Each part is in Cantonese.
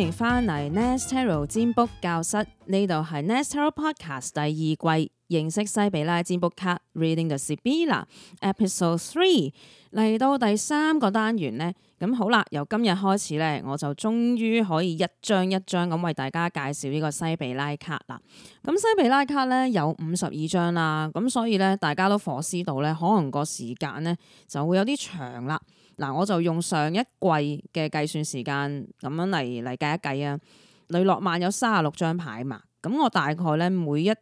歡迎返嚟 Nestle 占卜教室，呢度係 Nestle Podcast 第二季，認識西比拉占卜卡 Reading the Sibilla Episode Three 嚟到第三個單元呢。咁好啦，由今日開始呢，我就終於可以一張一張咁為大家介紹呢個西比拉卡啦。咁西比拉卡呢，有五十二張啦，咁所以呢，大家都火知到呢，可能個時間呢就會有啲長啦。嗱，我就用上一季嘅計算時間咁樣嚟嚟計一計啊。雷諾曼有三十六張牌嘛，咁我大概咧，每一課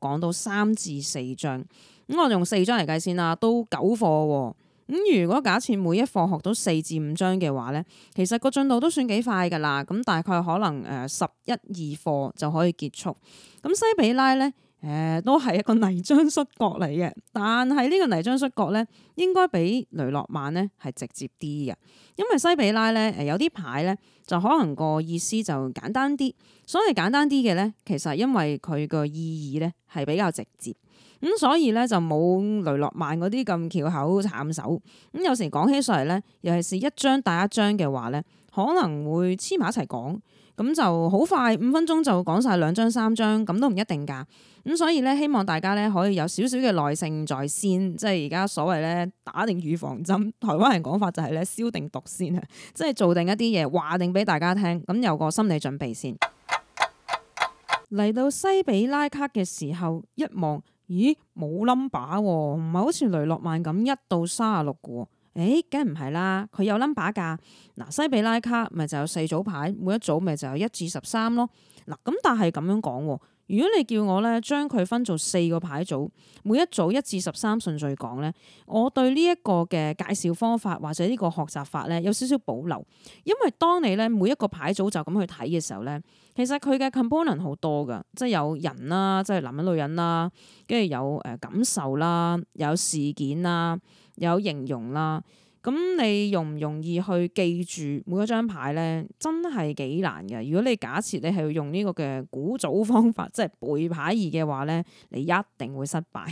講到三至四張，咁我用四張嚟計先啦，都九課喎。咁如果假設每一課學到四至五張嘅話咧，其實個進度都算幾快噶啦。咁大概可能誒，十一二課就可以結束。咁西比拉咧。誒、呃，都係一個泥漿摔角嚟嘅，但係呢個泥漿摔角咧，應該比雷諾曼咧係直接啲嘅，因為西比拉咧，誒有啲牌咧就可能個意思就簡單啲，所謂簡單啲嘅咧，其實因為佢個意義咧係比較直接，咁、嗯、所以咧就冇雷諾曼嗰啲咁巧口慘手，咁、嗯、有時講起上嚟咧，尤其是一張打一張嘅話咧，可能會黐埋一齊講，咁就好快五分鐘就講晒兩張三張，咁都唔一定㗎。咁所以咧，希望大家咧可以有少少嘅耐性在先，即係而家所謂咧打定預防針。台灣人講法就係咧消定毒先啊，即係做定一啲嘢話定俾大家聽，咁有個心理準備先。嚟 到西比拉卡嘅時候，一望，咦，冇 number 喎，唔係好似雷諾曼咁一到卅六嘅。誒，梗係唔係啦？佢有 number 㗎。嗱，西比拉卡咪就有四組牌，每一組咪就有一至十三咯。嗱，咁但係咁樣講，如果你叫我咧將佢分做四個牌組，每一組一至十三順序講咧，我對呢一個嘅介紹方法或者呢個學習法咧有少少保留，因為當你咧每一個牌組就咁去睇嘅時候咧，其實佢嘅 component 好多噶，即係有人啦，即係男人女人啦，跟住有誒感受啦，有事件啦。有形容啦，咁你容唔容易去記住每一張牌咧？真係幾難㗎。如果你假設你係要用呢個嘅古早方法，即係背牌兒嘅話咧，你一定會失敗。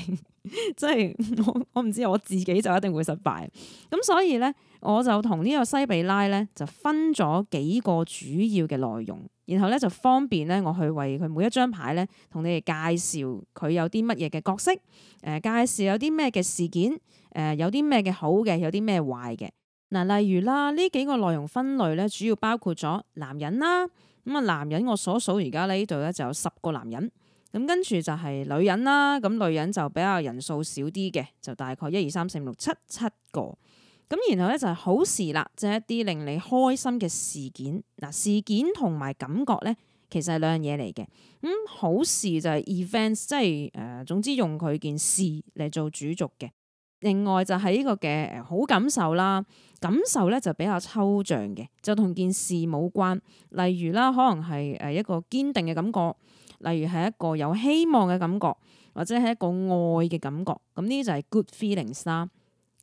即 係我我唔知我自己就一定會失敗。咁所以咧，我就同呢個西比拉咧就分咗幾個主要嘅內容。然後咧就方便咧，我去為佢每一張牌咧，同你哋介紹佢有啲乜嘢嘅角色，誒、呃、介紹有啲咩嘅事件，誒有啲咩嘅好嘅，有啲咩壞嘅。嗱、呃，例如啦，呢幾個內容分類咧，主要包括咗男人啦，咁啊男人我所數而家呢度咧就有十個男人，咁跟住就係女人啦，咁女人就比較人數少啲嘅，就大概一二三四五六七七個。咁然後咧就係好事啦，就係、是、一啲令你開心嘅事件。嗱，事件同埋感覺咧，其實係兩樣嘢嚟嘅。咁、嗯、好事就係 events，即係誒、呃，總之用佢件事嚟做主軸嘅。另外就係呢個嘅好感受啦，感受咧就比較抽象嘅，就同件事冇關。例如啦，可能係誒一個堅定嘅感覺，例如係一個有希望嘅感覺，或者係一個愛嘅感覺。咁呢啲就係 good feelings 啦。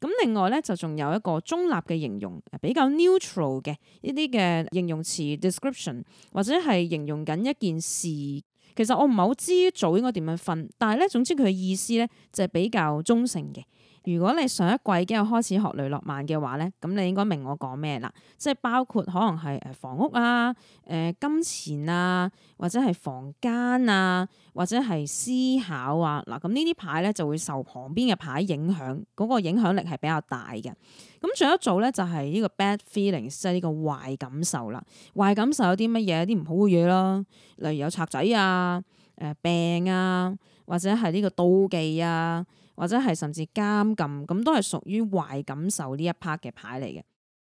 咁另外咧就仲有一個中立嘅形容，比較 neutral 嘅呢啲嘅形容詞 description，或者係形容緊一件事。其實我唔係好知早應該點樣分，但係咧總之佢嘅意思咧就係、是、比較中性嘅。如果你上一季已經有開始學雷諾曼嘅話咧，咁你應該明我講咩啦？即係包括可能係誒房屋啊、誒、呃、金錢啊，或者係房間啊，或者係思考啊。嗱，咁呢啲牌咧就會受旁邊嘅牌影響，嗰、那個影響力係比較大嘅。咁仲有一組咧就係、是、呢個 bad feelings，即係呢個壞感受啦。壞感受有啲乜嘢？有啲唔好嘅嘢咯，例如有賊仔啊、誒、呃、病啊，或者係呢個妒忌啊。或者係甚至監禁咁，都係屬於壞感受呢一 part 嘅牌嚟嘅。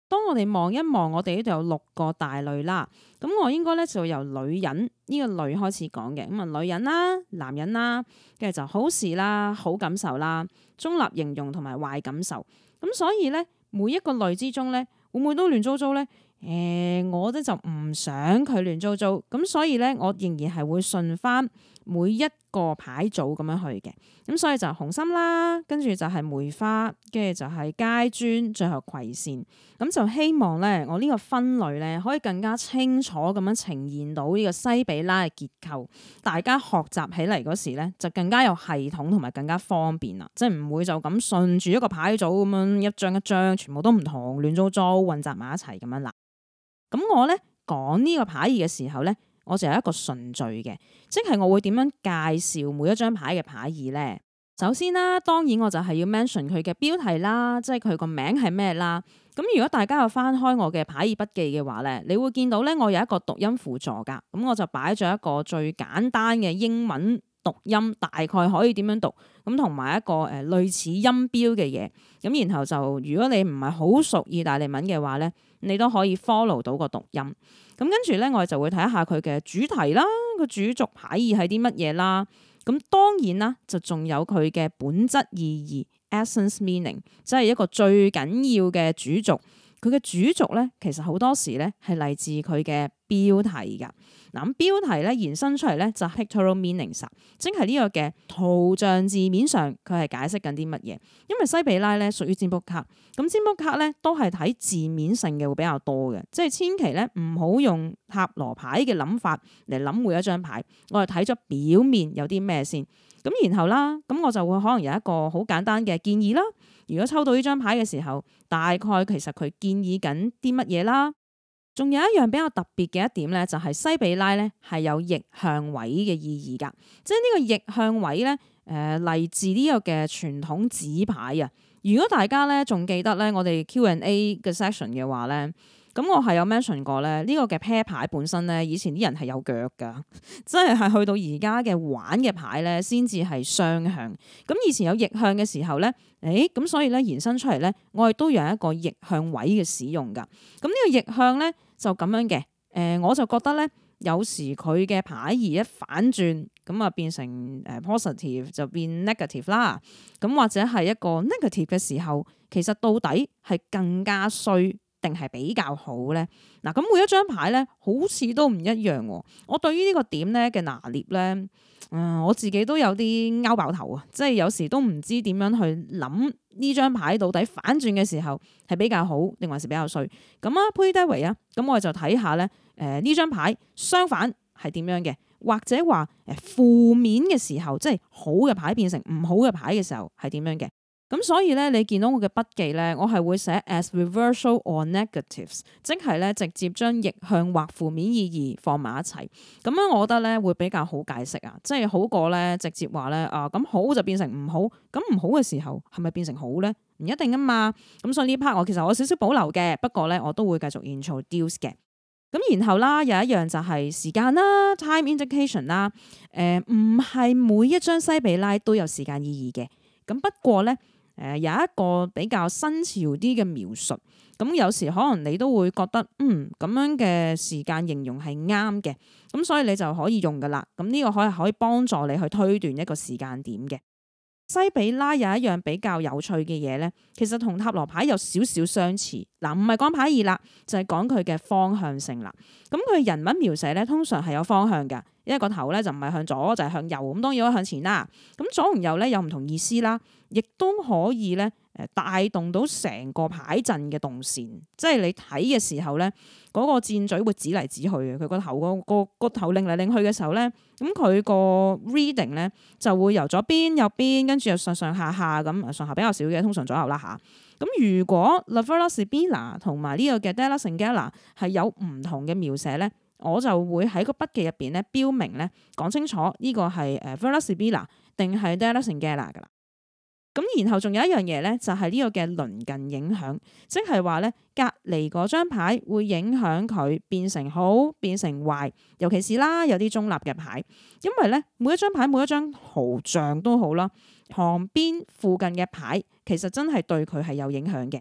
當我哋望一望，我哋呢度有六個大類啦。咁我應該咧就由女人呢個類開始講嘅。咁啊，女人啦，男人啦，跟住就好事啦，好感受啦，中立形容同埋壞感受。咁所以咧，每一個類之中咧，會唔會都亂糟糟咧？誒、欸，我咧就唔想佢亂糟糟。咁所以咧，我仍然係會順翻。每一個牌組咁樣去嘅，咁所以就紅心啦，跟住就係梅花，跟住就係街磚，最後葵扇。咁就希望咧，我呢個分類咧，可以更加清楚咁樣呈現到呢個西比拉嘅結構，大家學習起嚟嗰時咧，就更加有系統同埋更加方便啦，即係唔會就咁順住一個牌組咁樣一張一張，全部都唔同，亂糟糟混雜埋一齊咁樣啦。咁我咧講呢個牌嘅時候咧，我就有一個順序嘅，即係我會點樣介紹每一張牌嘅牌意呢？首先啦，當然我就係要 mention 佢嘅標題啦，即係佢個名係咩啦。咁如果大家有翻開我嘅牌意筆記嘅話呢，你會見到呢，我有一個讀音輔助㗎。咁我就擺咗一個最簡單嘅英文讀音，大概可以點樣讀，咁同埋一個誒類似音標嘅嘢。咁然後就如果你唔係好熟意大利文嘅話呢，你都可以 follow 到個讀音。咁跟住咧，我哋就會睇下佢嘅主題啦，個主軸牌意係啲乜嘢啦。咁當然啦，就仲有佢嘅本質意義 （essence meaning），即係一個最緊要嘅主軸。佢嘅主軸咧，其實好多時咧係嚟自佢嘅標題㗎，嗱，咁標題咧延伸出嚟咧就 literal meaning 十，即係呢個嘅圖像字面上佢係解釋緊啲乜嘢。因為西比拉咧屬於占卜卡，咁占卜卡咧都係睇字面性嘅會比較多嘅，即係千祈咧唔好用塔羅牌嘅諗法嚟諗每一張牌。我係睇咗表面有啲咩先，咁然後啦，咁我就會可能有一個好簡單嘅建議啦。如果抽到呢張牌嘅時候，大概其實佢建議緊啲乜嘢啦？仲有一樣比較特別嘅一點咧，就係、是、西比拉咧係有逆向位嘅意義㗎。即係呢個逆向位咧，誒、呃、嚟自呢個嘅傳統紙牌啊。如果大家咧仲記得咧我哋 Q and A 嘅 section 嘅話咧，咁我係有 mention 過咧呢、這個嘅啤牌本身咧以前啲人係有腳㗎，即係係去到而家嘅玩嘅牌咧先至係雙向。咁以前有逆向嘅時候咧，誒、欸、咁所以咧延伸出嚟咧，我哋都有一個逆向位嘅使用㗎。咁呢個逆向咧，就咁樣嘅，誒、呃，我就覺得咧，有時佢嘅牌而一反轉，咁啊變成誒 positive 就變 negative 啦，咁或者係一個 negative 嘅時候，其實到底係更加衰。定係比較好咧？嗱，咁每一張牌咧，好似都唔一樣，哦。我對於呢個點咧嘅拿捏咧，誒、呃，我自己都有啲拗爆頭啊！即係有時都唔知點樣去諗呢張牌到底反轉嘅時候係比較好定還是比較衰？咁啊，佩德維啊，咁我就睇下咧，誒，呢張牌相反係點樣嘅，或者話誒負面嘅時候，即係好嘅牌變成唔好嘅牌嘅時候係點樣嘅？咁所以咧，你見到我嘅筆記咧，我係會寫 as reversal or negatives，即係咧，直接將逆向或負面意義放埋一齊。咁樣我覺得咧會比較好解釋啊，即係好過咧，直接話咧啊，咁好就變成唔好，咁唔好嘅時候係咪變成好咧？唔一定啊嘛。咁所以呢 part 我其實有少少保留嘅，不過咧我都會繼續 introduce 嘅。咁然後啦，有一樣就係時間啦，time indication 啦，誒唔係每一張西比拉都有時間意義嘅。咁不過咧。誒、呃、有一個比較新潮啲嘅描述，咁有時可能你都會覺得，嗯咁樣嘅時間形容係啱嘅，咁所以你就可以用噶啦，咁呢個可以可以幫助你去推斷一個時間點嘅。西比拉有一樣比較有趣嘅嘢咧，其實同塔羅牌有少少，少相似，嗱、呃，唔係講牌意啦，就係講佢嘅方向性啦。咁、呃、佢人物描寫咧，通常係有方向㗎，一個頭咧就唔係向左就係、是、向右，咁當然都向前啦。咁、呃、左同右咧有唔同意思啦，亦都可以咧。誒帶動到成個牌陣嘅動線，即係你睇嘅時候咧，嗰個箭嘴會指嚟指去嘅，佢個頭個個個頭擰嚟擰去嘅時候咧，咁佢個 reading 咧就會由左邊右邊，跟住又上上下下咁上下比較少嘅，通常左右啦嚇。咁如果 Vera Sibilla 同埋呢個 Della Zingara 係有唔同嘅描寫咧，我就會喺個筆記入邊咧標明咧講清楚呢個係誒 Vera Sibilla 定係 Della Zingara 噶啦。咁然後仲有一樣嘢咧，就係呢個嘅鄰近影響，即係話咧，隔離嗰張牌會影響佢變成好變成壞，尤其是啦有啲中立嘅牌，因為咧每一張牌每一張豪像都好啦，旁邊附近嘅牌其實真係對佢係有影響嘅。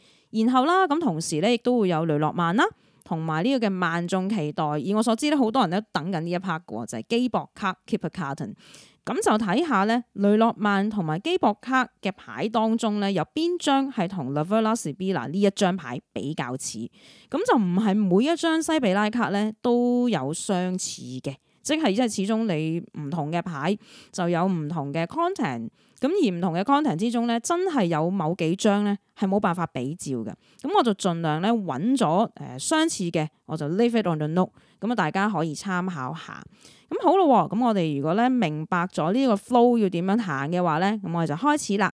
然後啦，咁同時咧，亦都會有雷諾曼啦，同埋呢個嘅萬眾期待。以我所知咧，好多人都等緊呢一 part 嘅喎，就係基博卡 Kipper Carton。咁就睇下咧，雷諾曼同埋基博卡嘅牌當中咧，有邊張係同 La Vera Sibilla 呢一張牌比較似？咁就唔係每一張西比拉卡咧都有相似嘅。即係，即係始終你唔同嘅牌就有唔同嘅 content，咁而唔同嘅 content 之中咧，真係有某幾張咧係冇辦法比照嘅。咁我就盡量咧揾咗誒相似嘅，我就 leave it on the note，咁啊大家可以參考下。咁好咯，咁我哋如果咧明白咗呢個 flow 要點樣行嘅話咧，咁我哋就開始啦。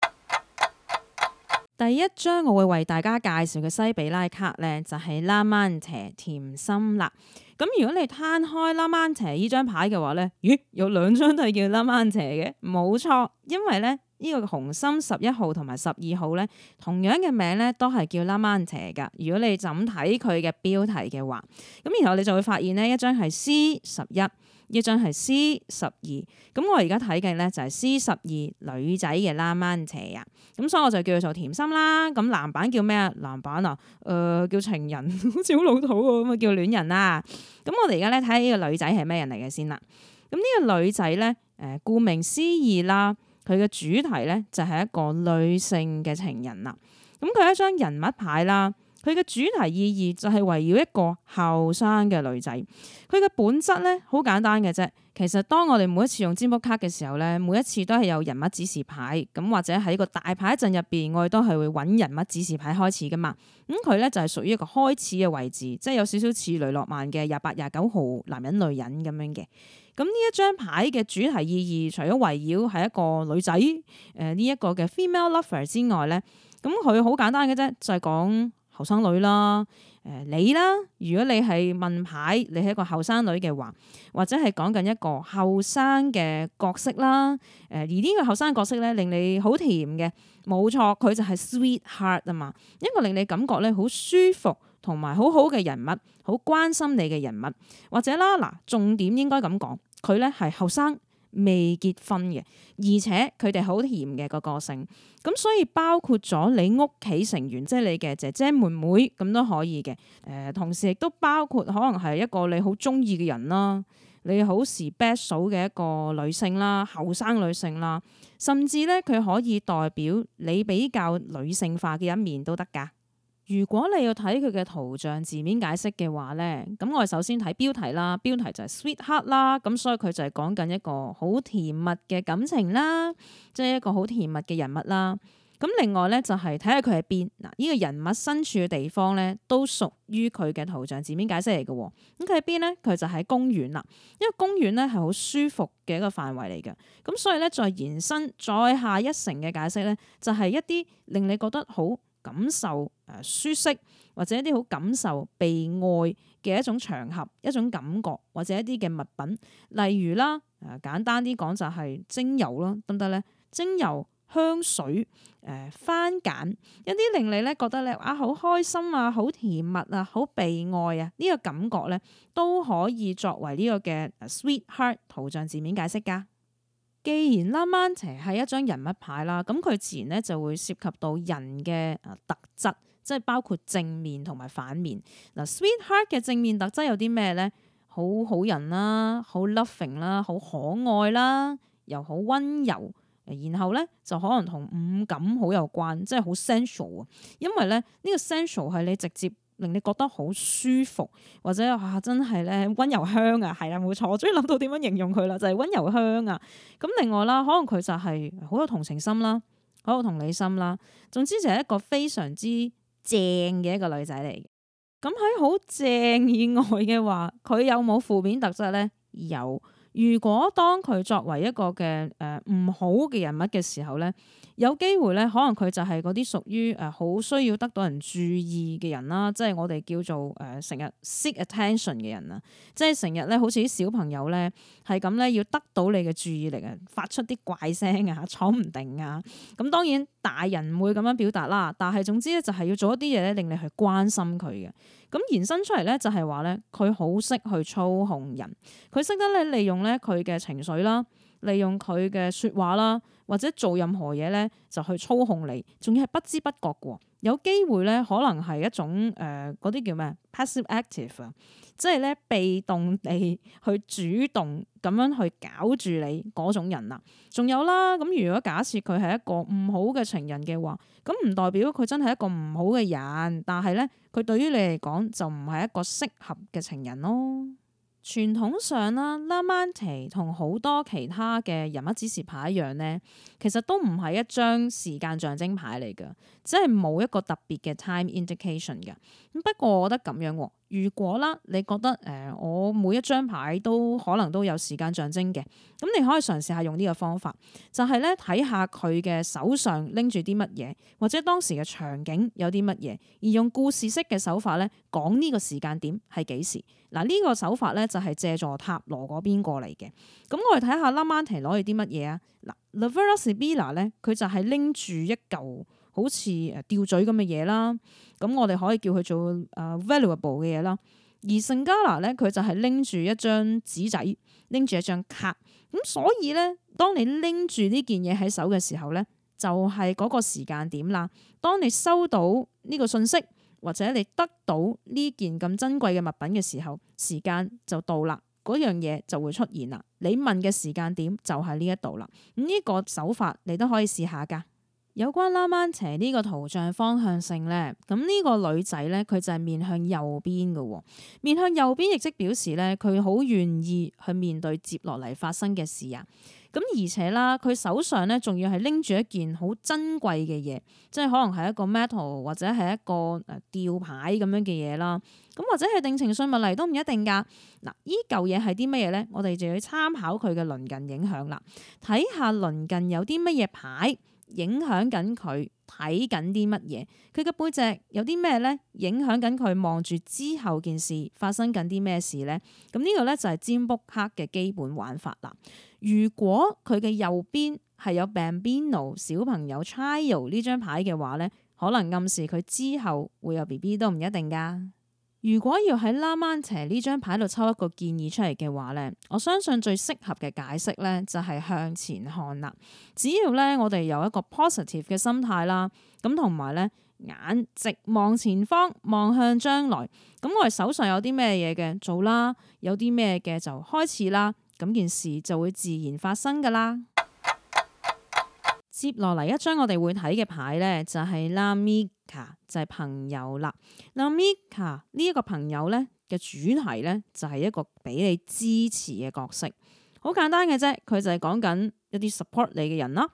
第一張我會為大家介紹嘅西比拉卡咧，就係浪漫斜甜心啦。咁如果你攤開拉曼斜呢張牌嘅話咧，咦，有兩張都係叫拉曼斜嘅，冇錯，因為咧呢個紅心十一號同埋十二號咧，同樣嘅名咧都係叫拉曼斜㗎。如果你就咁睇佢嘅標題嘅話，咁然後你就會發現咧一張係 C 十一。一張係 C 十二，咁我而家睇嘅咧就係 C 十二女仔嘅 m 拉曼斜啊，咁所以我就叫佢做甜心啦。咁男版叫咩啊？男版啊，誒、呃、叫情人，好似好老土喎，咁啊叫戀人啦。咁我哋而家咧睇下呢個女仔係咩人嚟嘅先啦？咁、這、呢個女仔咧，誒顧名思義啦，佢嘅主題咧就係一個女性嘅情人啦。咁佢一張人物牌啦。佢嘅主題意義就係圍繞一個後生嘅女仔。佢嘅本質咧好簡單嘅啫。其實當我哋每一次用占卜卡嘅時候咧，每一次都係有人物指示牌咁，或者喺個大牌陣入邊，我哋都係會揾人物指示牌開始㗎嘛。咁佢咧就係、是、屬於一個開始嘅位置，即係有少少似雷諾曼嘅廿八、廿九號男人，人、女人咁樣嘅。咁呢一張牌嘅主題意義，除咗圍繞係一個女仔，誒呢一個嘅 female lover 之外咧，咁佢好簡單嘅啫，就係、是、講。後生女啦，誒、呃、你啦，如果你係問牌，你係一個後生女嘅話，或者係講緊一個後生嘅角色啦，誒、呃、而呢個後生角色咧令你好甜嘅，冇錯，佢就係 sweet heart 啊嘛，一個令你感覺咧好舒服同埋好好嘅人物，好關心你嘅人物，或者啦嗱、呃，重點應該咁講，佢咧係後生。未結婚嘅，而且佢哋好甜嘅個、個個性，咁所以包括咗你屋企成員，即係你嘅姐姐妹妹，咁都可以嘅。誒、呃，同時亦都包括可能係一個你好中意嘅人啦，你好時 best 嘅一個女性啦，後生女性啦，甚至咧佢可以代表你比較女性化嘅一面都得㗎。如果你要睇佢嘅圖像字面解釋嘅話咧，咁我哋首先睇標題啦。標題就係 sweetheart 啦，咁所以佢就係講緊一個好甜蜜嘅感情啦，即係一個好甜蜜嘅人物啦。咁另外咧就係睇下佢喺邊嗱，呢個人物身處嘅地方咧都屬於佢嘅圖像字面解釋嚟嘅。咁佢喺邊咧？佢就喺公園啦，因為公園咧係好舒服嘅一個範圍嚟嘅。咁所以咧，再延伸再下一層嘅解釋咧，就係一啲令你覺得好感受，舒適或者一啲好感受被愛嘅一種場合、一種感覺或者一啲嘅物品，例如啦，誒簡單啲講就係精油咯，得唔得呢？精油、香水、誒、呃、番梘一啲令你咧覺得咧啊好開心啊，好甜蜜啊，好被愛啊呢、呢個感覺咧都可以作為呢個嘅 sweetheart 圖像字面解釋㗎。既然啦，曼蛇係一張人物牌啦，咁佢自然咧就會涉及到人嘅特質。即係包括正面同埋反面嗱，sweetheart 嘅正面特質有啲咩咧？好好人啦，好 loving 啦，好可愛啦，又好溫柔。然後咧就可能同五感好有關，即係好 sensual 啊。因為咧呢、呢個 sensual 係你直接令你覺得好舒服，或者話、啊、真係咧、啊啊就是、溫柔香啊，係啦冇錯。我終於諗到點樣形容佢啦，就係溫柔香啊。咁另外啦，可能佢就係好有同情心啦，好有同理心啦。總之就係一個非常之～正嘅一個女仔嚟嘅，咁喺好正以外嘅話，佢有冇負面特質呢？有。如果當佢作為一個嘅誒唔好嘅人物嘅時候咧，有機會咧，可能佢就係嗰啲屬於誒好、呃、需要得到人注意嘅人啦，即係我哋叫做誒成日 seek attention 嘅人啊，即係成日咧好似啲小朋友咧係咁咧要得到你嘅注意力啊，發出啲怪聲啊，坐唔定啊，咁、嗯、當然大人唔會咁樣表達啦，但係總之咧就係、是、要做一啲嘢咧令你去關心佢嘅。咁延伸出嚟咧，就係話咧，佢好識去操控人，佢識得咧利用咧佢嘅情緒啦，利用佢嘅說話啦，或者做任何嘢咧就去操控你，仲要係不知不覺喎。有機會咧，可能係一種誒嗰啲叫咩 passive active 啊，即係咧，被動地去主動咁樣去搞住你嗰種人啦。仲有啦，咁如果假設佢係一個唔好嘅情人嘅話，咁唔代表佢真係一個唔好嘅人，但係咧，佢對於你嚟講就唔係一個適合嘅情人咯。傳統上啦，La Mante 同好多其他嘅人物指示牌一樣呢，其實都唔係一張時間象徵牌嚟㗎，即係冇一個特別嘅 time indication 㗎。咁不過我覺得咁樣喎。如果啦，你覺得誒、呃，我每一張牌都可能都有時間象徵嘅，咁你可以嘗試下用呢個方法，就係咧睇下佢嘅手上拎住啲乜嘢，或者當時嘅場景有啲乜嘢，而用故事式嘅手法咧講呢個時間點係幾時。嗱呢、這個手法咧就係、是、借助塔羅嗰邊過嚟嘅。咁我哋睇下拉曼提攞去啲乜嘢啊？嗱 La Vera Sibilla 咧，佢就係拎住一嚿。好似吊墜咁嘅嘢啦，咁我哋可以叫佢做啊、uh, valuable 嘅嘢啦。而陳嘉納咧，佢就係拎住一張紙仔，拎住一張卡。咁所以咧，當你拎住呢件嘢喺手嘅時候咧，就係、是、嗰個時間點啦。當你收到呢個訊息或者你得到呢件咁珍貴嘅物品嘅時候，時間就到啦，嗰樣嘢就會出現啦。你問嘅時間點就係呢一度啦。咁、嗯、呢、這個手法你都可以試下噶。有關拉曼斜呢個圖像方向性咧，咁呢個女仔咧，佢就係面向右邊嘅喎。面向右邊，亦即表示咧，佢好願意去面對接落嚟發生嘅事啊。咁而且啦，佢手上咧，仲要係拎住一件好珍貴嘅嘢，即係可能係一個 metal 或者係一個、呃、吊牌咁樣嘅嘢啦。咁或者係定情信物嚟都唔一定㗎。嗱，依嚿嘢係啲乜嘢咧？我哋就要參考佢嘅鄰近影響啦，睇下鄰近有啲乜嘢牌。影響緊佢睇緊啲乜嘢？佢嘅背脊有啲咩咧？影響緊佢望住之後件事發生緊啲咩事咧？咁、這、呢個咧就係占卜卡嘅基本玩法啦。如果佢嘅右邊係有 Bambino 小朋友 Child 呢張牌嘅話咧，可能暗示佢之後會有 BB 都唔一定㗎。如果要喺拉曼斜呢張牌度抽一個建議出嚟嘅話咧，我相信最適合嘅解釋咧就係向前看啦。只要咧我哋有一個 positive 嘅心態啦，咁同埋咧眼直望前方，望向將來，咁我哋手上有啲咩嘢嘅做啦，有啲咩嘅就開始啦，咁件事就會自然發生噶啦。 接落嚟一張我哋會睇嘅牌咧，就係拉咪。就係朋友啦。嗱 m i 呢一個朋友咧嘅主題咧就係、是、一個俾你支持嘅角色，好簡單嘅啫。佢就係講緊一啲 support 你嘅人啦。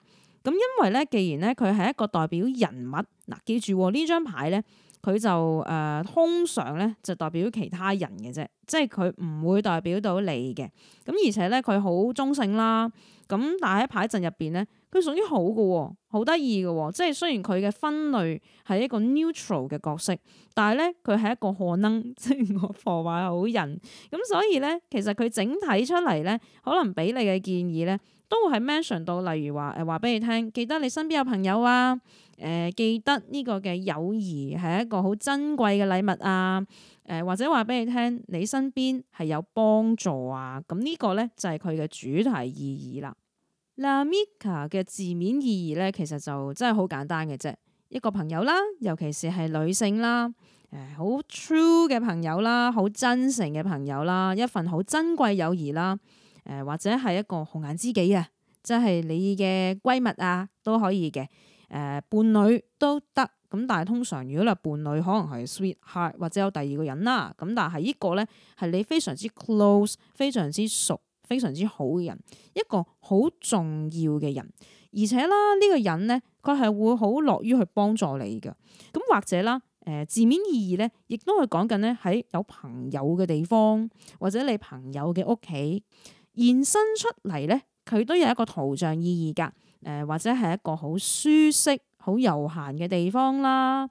咁因為咧，既然咧佢係一個代表人物，嗱，記住呢、哦、張牌咧。佢就誒、呃、通常咧就代表其他人嘅啫，即係佢唔會代表到你嘅。咁而且咧佢好中性啦。咁但喺牌陣入邊咧，佢屬於好嘅喎，好得意嘅喎。即係雖然佢嘅分類係一個 neutral 嘅角色，但係咧佢係一個可能即係我破壞好人。咁所以咧，其實佢整體出嚟咧，可能俾你嘅建議咧。都會係 mention 到，例如話誒，話、呃、俾你聽，記得你身邊有朋友啊，誒、呃，記得呢個嘅友誼係一個好珍貴嘅禮物啊，誒、呃，或者話俾你聽，你身邊係有幫助啊，咁、嗯這個、呢個咧就係佢嘅主題意義啦。那 Mika 嘅字面意義咧，其實就真係好簡單嘅啫，一個朋友啦，尤其是係女性啦，誒、呃，好 true 嘅朋友啦，好真誠嘅朋友啦，一份好珍貴友誼啦。誒，或者係一個紅顏知己啊，即係你嘅閨蜜啊，都可以嘅。誒、呃，伴侶都得。咁但係通常如果啦伴侶可能係 sweet heart 或者有第二個人啦。咁但係呢個咧係你非常之 close、非常之熟、非常之好嘅人，一個好重要嘅人。而且啦，呢個人咧佢係會好樂於去幫助你嘅。咁或者啦，誒、呃、字面意義咧，亦都係講緊咧喺有朋友嘅地方或者你朋友嘅屋企。延伸出嚟咧，佢都有一個圖像意義噶，誒、呃、或者係一個好舒適、好悠閒嘅地方啦，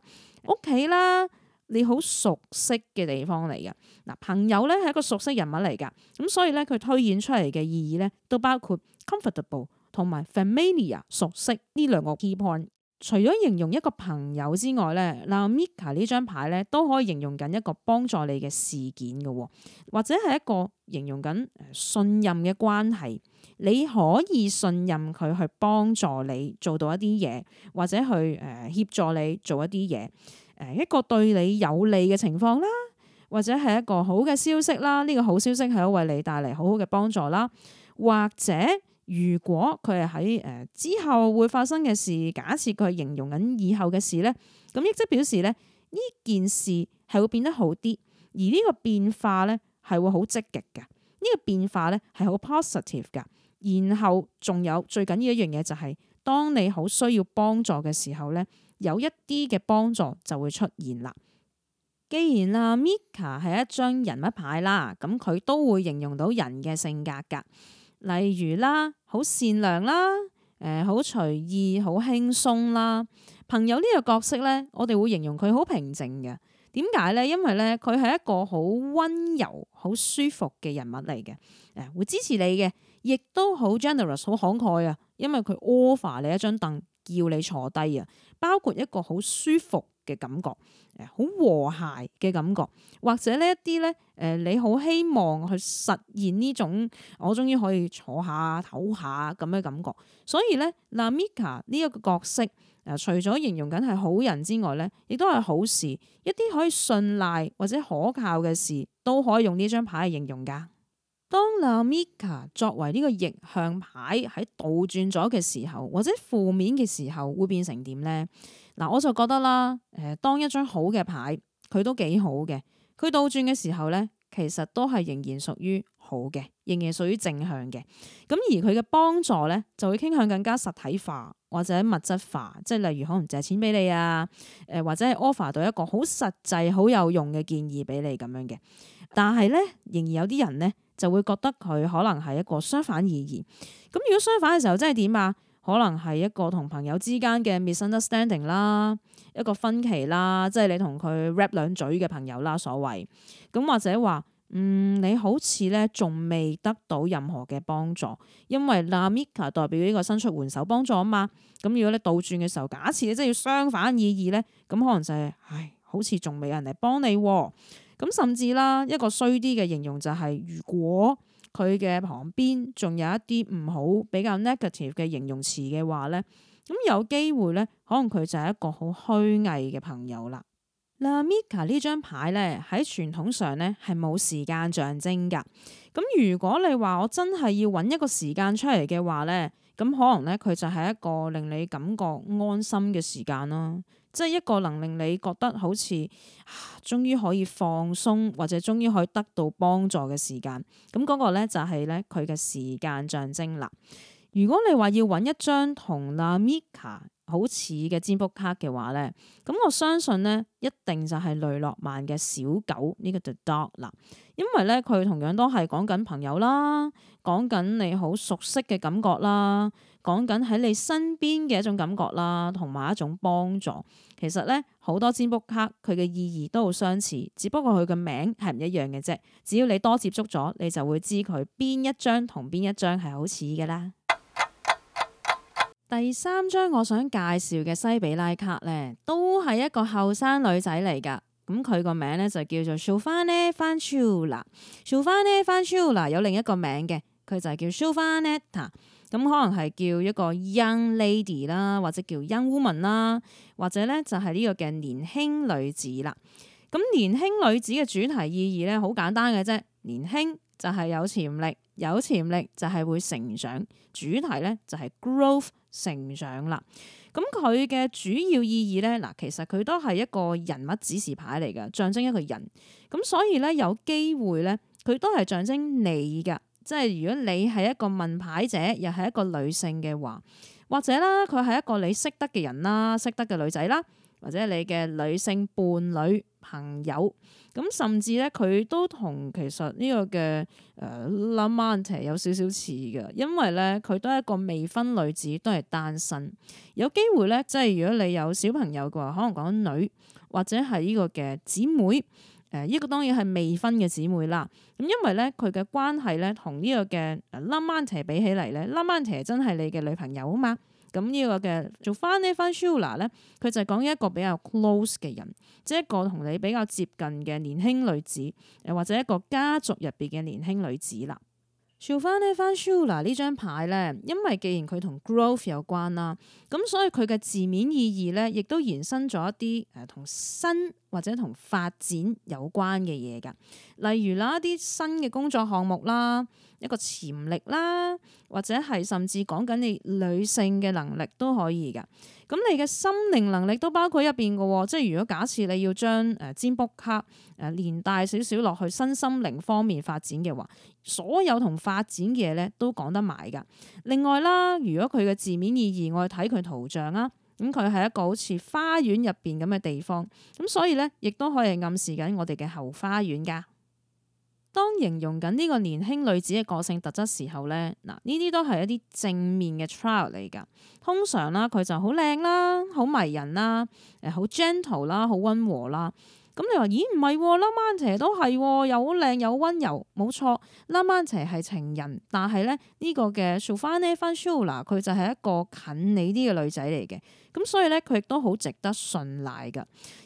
屋企啦，你好熟悉嘅地方嚟噶。嗱、呃，朋友咧係一個熟悉人物嚟噶，咁所以咧佢推演出嚟嘅意義咧都包括 comfortable 同埋 familiar 熟悉呢兩個 key point。除咗形容一個朋友之外咧，嗱 Mika 呢張牌咧，都可以形容緊一個幫助你嘅事件嘅，或者係一個形容緊信任嘅關係，你可以信任佢去幫助你做到一啲嘢，或者去誒協助你做一啲嘢，誒一個對你有利嘅情況啦，或者係一個好嘅消息啦，呢個好消息係為你帶嚟好好嘅幫助啦，或者。如果佢係喺誒之後會發生嘅事，假設佢係形容緊以後嘅事呢，咁亦即表示呢呢件事係會變得好啲，而呢個變化呢係會好積極嘅。呢、這個變化呢係好 positive 噶。然後仲有最緊要一樣嘢就係、是，當你好需要幫助嘅時候呢，有一啲嘅幫助就會出現啦。既然啊，Mika 係一張人物牌啦，咁佢都會形容到人嘅性格噶。例如啦，好善良啦，誒，好隨意、好輕鬆啦。朋友呢個角色咧，我哋會形容佢好平靜嘅。點解咧？因為咧，佢係一個好温柔、好舒服嘅人物嚟嘅。誒，會支持你嘅，亦都好 generous、好慷慨啊。因為佢 offer 你一張凳，叫你坐低啊。包括一個好舒服嘅感覺，誒，好和諧嘅感覺，或者呢一啲咧，誒、呃、你好希望去實現呢種，我終於可以坐下唞下咁嘅感覺。所以咧，Namika 呢一個角色，誒、呃、除咗形容緊係好人之外咧，亦都係好事，一啲可以信賴或者可靠嘅事，都可以用呢張牌去形容噶。當 Namika 作為呢個逆向牌喺倒轉咗嘅時候，或者負面嘅時候，會變成點咧？嗱，我就覺得啦，誒，當一張好嘅牌，佢都幾好嘅，佢倒轉嘅時候咧，其實都係仍然屬於好嘅，仍然屬於正向嘅。咁而佢嘅幫助咧，就會傾向更加實體化或者物質化，即係例如可能借錢俾你啊，誒，或者係 offer 到一個好實際好有用嘅建議俾你咁樣嘅。但係咧，仍然有啲人咧就會覺得佢可能係一個相反意義。咁如果相反嘅時候，真係點啊？可能係一個同朋友之間嘅 misunderstanding 啦，一個分歧啦，即係你同佢 rap 兩嘴嘅朋友啦，所謂。咁或者話，嗯，你好似咧仲未得到任何嘅幫助，因為 Namika 代表呢個伸出援手幫助啊嘛。咁如果你倒轉嘅時候，假設你真係要相反意義咧，咁可能就係、是，唉，好似仲未有人嚟幫你。咁甚至啦，一個衰啲嘅形容就係、是，如果。佢嘅旁邊仲有一啲唔好比較 negative 嘅形容詞嘅話呢。咁有機會呢，可能佢就係一個好虛偽嘅朋友啦。嗱，Mika 呢張牌呢，喺傳統上呢，係冇時間象徵㗎，咁如果你話我真係要揾一個時間出嚟嘅話呢，咁可能呢，佢就係一個令你感覺安心嘅時間咯。即係一個能令你覺得好似，終於可以放鬆，或者終於可以得到幫助嘅時間。咁嗰個咧就係咧佢嘅時間象徵啦。如果你話要揾一張同 Nami 卡好似嘅占卜卡嘅話咧，咁我相信呢，一定就係雷諾曼嘅小狗呢個叫 The Dog 啦，因為咧佢同樣都係講緊朋友啦，講緊你好熟悉嘅感覺啦。講緊喺你身邊嘅一種感覺啦，同埋一種幫助。其實呢，好多簽卜卡佢嘅意義都好相似，只不過佢嘅名係唔一樣嘅啫。只要你多接觸咗，你就會知佢邊一張同邊一張係好似嘅啦。第三張我想介紹嘅西比拉卡呢，都係一個後生女仔嚟噶。咁佢個名呢，就叫做 Shufan 咧，Fan Shu 啦。Shufan 咧，Fan Shu 有另一個名嘅，佢就係叫 Shufanetta。咁可能係叫一個 young lady 啦，或者叫 young woman 啦，或者咧就係呢個嘅年輕女子啦。咁年輕女子嘅主題意義咧，好簡單嘅啫。年輕就係有潛力，有潛力就係會成長。主題咧就係 growth 成長啦。咁佢嘅主要意義咧，嗱，其實佢都係一個人物指示牌嚟嘅，象徵一個人。咁所以咧有機會咧，佢都係象徵你㗎。即係如果你係一個問牌者，又係一個女性嘅話，或者咧佢係一個你識得嘅人啦，識得嘅女仔啦，或者你嘅女性伴侶、朋友，咁甚至咧佢都同其實呢個嘅誒 lament 有少少似嘅，因為咧佢都係一個未婚女子，都係單身，有機會咧即係如果你有小朋友嘅話，可能講女或者係呢個嘅姊妹。誒，呢個當然係未婚嘅姊妹啦。咁因為咧，佢嘅關係咧，同呢個嘅 l Lamante，比起嚟咧，Lamante 真係你嘅女朋友啊嘛。咁、這個、呢個嘅做翻呢翻 shuler 咧，佢就係講一個比較 close 嘅人，即係一個同你比較接近嘅年輕女子，又或者一個家族入邊嘅年輕女子啦。show 翻呢翻 shuler 呢張牌咧，因為既然佢同 growth 有關啦，咁所以佢嘅字面意義咧，亦都延伸咗一啲誒同新。或者同發展有關嘅嘢噶，例如啦，一啲新嘅工作項目啦，一個潛力啦，或者係甚至講緊你女性嘅能力都可以噶。咁你嘅心靈能力都包括入邊嘅喎，即係如果假設你要將誒占卜卡誒連帶少少落去新心靈方面發展嘅話，所有同發展嘅嘢咧都講得埋噶。另外啦，如果佢嘅字面意義，我去睇佢圖像啦。咁佢係一個好似花園入邊咁嘅地方，咁所以呢，亦都可以暗示緊我哋嘅後花園噶。當形容緊呢個年輕女子嘅個性特質時候呢，嗱呢啲都係一啲正面嘅 trial 嚟噶。通常啦，佢就好靚啦，好迷人啦，誒好 gentle 啦，好溫和啦。咁你話，咦唔係，拉曼斜都係，又好靚又溫柔，冇錯。拉曼斜係情人，但係咧呢、呢個嘅 show 翻 n 番 show 啦，佢就係一個近你啲嘅女仔嚟嘅。咁所以咧，佢亦都好值得信賴噶。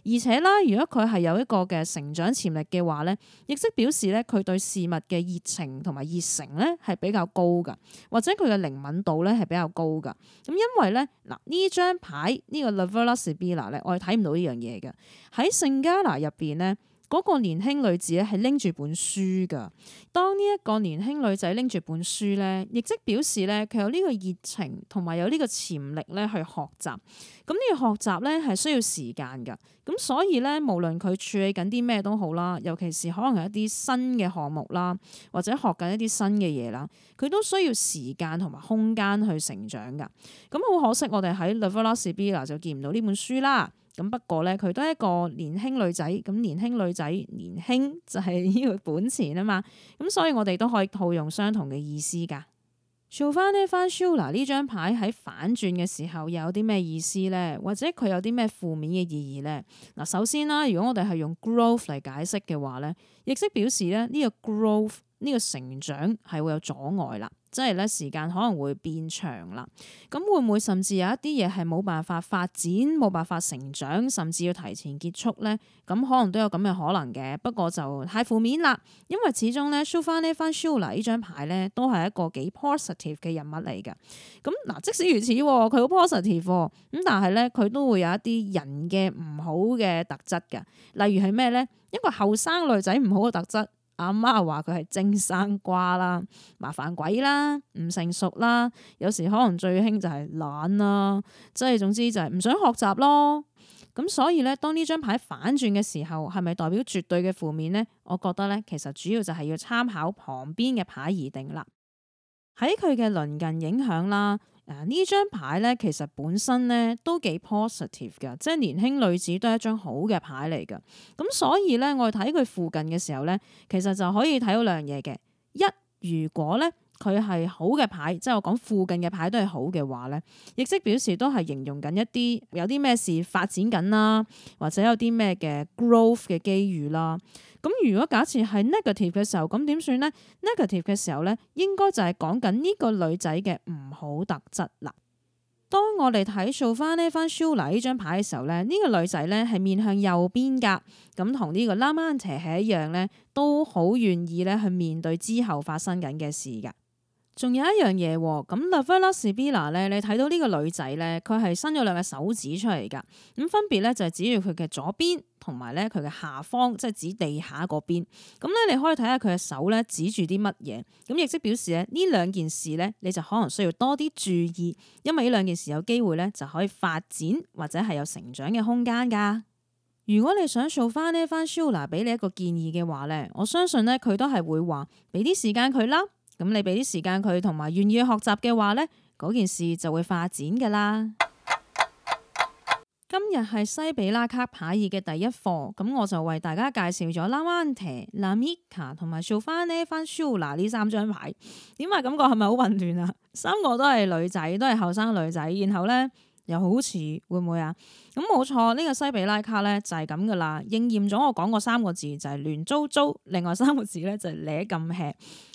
而且啦，如果佢係有一個嘅成長潛力嘅話咧，亦即表示咧佢對事物嘅熱情同埋熱誠咧係比較高噶，或者佢嘅靈敏度咧係比較高噶。咁因為咧嗱呢張牌呢、呢個 loverless bina 咧，我哋睇唔到呢樣嘢嘅。喺性格嚟。入邊呢嗰個年輕女子咧係拎住本書噶。當呢一個年輕女仔拎住本書咧，亦即表示咧，佢有呢個熱情同埋有呢個潛力咧去學習。咁呢個學習咧係需要時間噶。咁所以咧，無論佢處理緊啲咩都好啦，尤其是可能係一啲新嘅項目啦，或者學緊一啲新嘅嘢啦，佢都需要時間同埋空間去成長噶。咁好可惜我，我哋喺 Leverkusen 就見唔到呢本書啦。咁不過咧，佢都一個年輕女仔，咁年輕女仔年輕就係呢個本錢啊嘛，咁所以我哋都可以套用相同嘅意思噶。做翻一翻 s h o a r 呢張牌喺反轉嘅時候有啲咩意思呢？或者佢有啲咩負面嘅意義呢？嗱，首先啦，如果我哋係用 growth 嚟解釋嘅話呢，亦即表示咧呢個 growth 呢個成長係會有阻礙啦。即係咧，時間可能會變長啦。咁會唔會甚至有一啲嘢係冇辦法發展、冇辦法成長，甚至要提前結束呢？咁可能都有咁嘅可能嘅。不過就太負面啦，因為始終咧 show 翻呢番 show 啦，呢張牌咧都係一個幾 positive 嘅人物嚟嘅。咁嗱，即使如此，佢好 positive 咁，但係咧佢都會有一啲人嘅唔好嘅特質嘅。例如係咩呢？一個後生女仔唔好嘅特質。阿媽話佢係蒸生瓜啦，麻煩鬼啦，唔成熟啦，有時可能最興就係懶啦，即係總之就係唔想學習咯。咁所以咧，當呢張牌反轉嘅時候，係咪代表絕對嘅負面呢？我覺得咧，其實主要就係要參考旁邊嘅牌而定啦，喺佢嘅鄰近影響啦。啊，張呢張牌咧，其實本身咧都幾 positive 嘅，即係年輕女子都係一張好嘅牌嚟嘅。咁所以咧，我睇佢附近嘅時候咧，其實就可以睇到兩嘢嘅。一，如果咧佢係好嘅牌，即係我講附近嘅牌都係好嘅話咧，亦即表示都係形容緊一啲有啲咩事發展緊啦，或者有啲咩嘅 growth 嘅機遇啦。咁如果假設係 negative 嘅時候，咁點算呢？negative 嘅時候呢，應該就係講緊呢個女仔嘅唔好特質啦。當我哋睇數翻呢翻 shula 呢張牌嘅時候、這個、呢，呢個女仔呢係面向右邊噶，咁同呢個 lamante 係一樣呢，都好願意呢去面對之後發生緊嘅事噶。仲有一樣嘢喎，咁 l a v a l e b l a 咧，你睇到呢個女仔咧，佢係伸咗兩隻手指出嚟噶，咁分別咧就係指住佢嘅左邊同埋咧佢嘅下方，即係指地下嗰邊。咁咧你可以睇下佢嘅手咧指住啲乜嘢，咁亦即表示咧呢兩件事咧你就可能需要多啲注意，因為呢兩件事有機會咧就可以發展或者係有成長嘅空間噶。如果你想做翻咧翻 Shula 俾你一個建議嘅話咧，我相信咧佢都係會話俾啲時間佢啦。咁你俾啲時間佢，同埋願意學習嘅話呢，嗰件事就會發展㗎喇。 今日係西比拉卡牌二嘅第一課，咁我就為大家介紹咗拉曼提、拉米卡同埋索花尼、翻舒娜呢三張牌。點解感覺係咪好混亂啊？三個都係女仔，都係後生女仔，然後呢。又好似會唔會啊？咁冇錯，呢個西比拉卡咧就係咁噶啦，應驗咗我講過三個字，就係亂糟糟。另外三個字咧就係舐咁吃。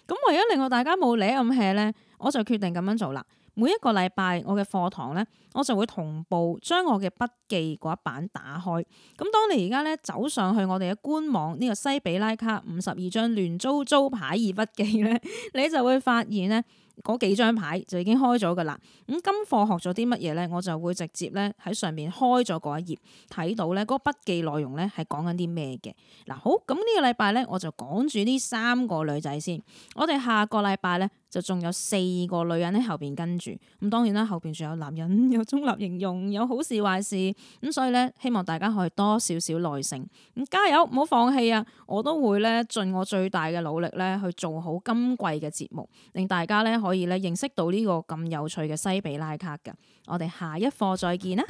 咁為咗令到大家冇舐咁吃咧，我就決定咁樣做啦。每一個禮拜我嘅課堂咧，我就會同步將我嘅筆記嗰一版打開。咁當你而家咧走上去我哋嘅官網呢個西比拉卡五十二張亂糟糟牌二筆記咧，你就會發現咧。嗰幾張牌就已經開咗㗎啦。咁今課學咗啲乜嘢呢？我就會直接咧喺上面開咗嗰一頁，睇到咧個筆記內容咧係講緊啲咩嘅。嗱，好，咁呢個禮拜咧，我就講住呢三個女仔先。我哋下個禮拜咧就仲有四個女人喺後邊跟住。咁當然啦，後邊仲有男人，有中立形容，有好事壞事。咁所以咧，希望大家可以多少少耐性。咁加油，唔好放棄啊！我都會咧盡我最大嘅努力咧去做好今季嘅節目，令大家咧可。可以咧認識到呢個咁有趣嘅西比拉克㗎，我哋下一課再見啦。